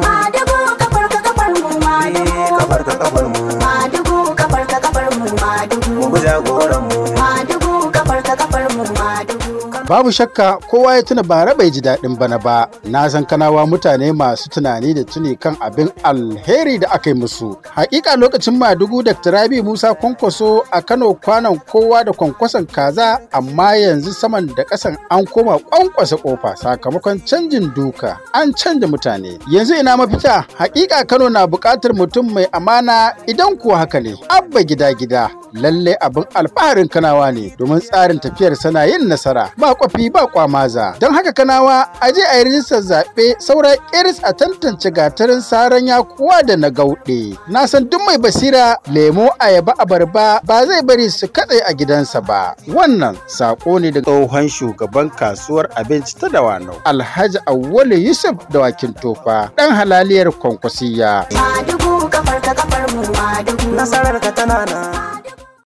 Madugu kafar ka kafar mu madugu kafar eh, ka kafar mu madugu kafar ka kafar mu madugu mu Babu shakka kowa ya tuna ba bai ji daɗin bana ba, na san kanawa mutane masu tunani da tuni kan abin alheri da aka yi musu. Hakika lokacin Madugu da Rabi Musa Kwankwaso a Kano kwanan kowa da kwankwason kaza amma yanzu saman da ƙasan an koma kwankwasa kofa sakamakon canjin duka an canja mutane. Yanzu ina mafita hakika Kano na buƙatar mutum mai amana idan kuwa haka ne. Abba gida gida lalle abin alfaharin kanawa ne domin tsarin tafiyar sana yin nasara ba kwafi ba kwamaza don haka kanawa a je a yi rijistar zaɓe saura iris a tantance gatarin saran yakuwa da na gauɗe na san duk mai basira lemo ayaba abarba ba zai bari su katse a gidansa ba wannan sako ne daga tsohon shugaban kasuwar abinci ta dawanau alhaji awwalu yusuf dawakin tofa dan halaliyar kwankwasiya. Madugu tana na.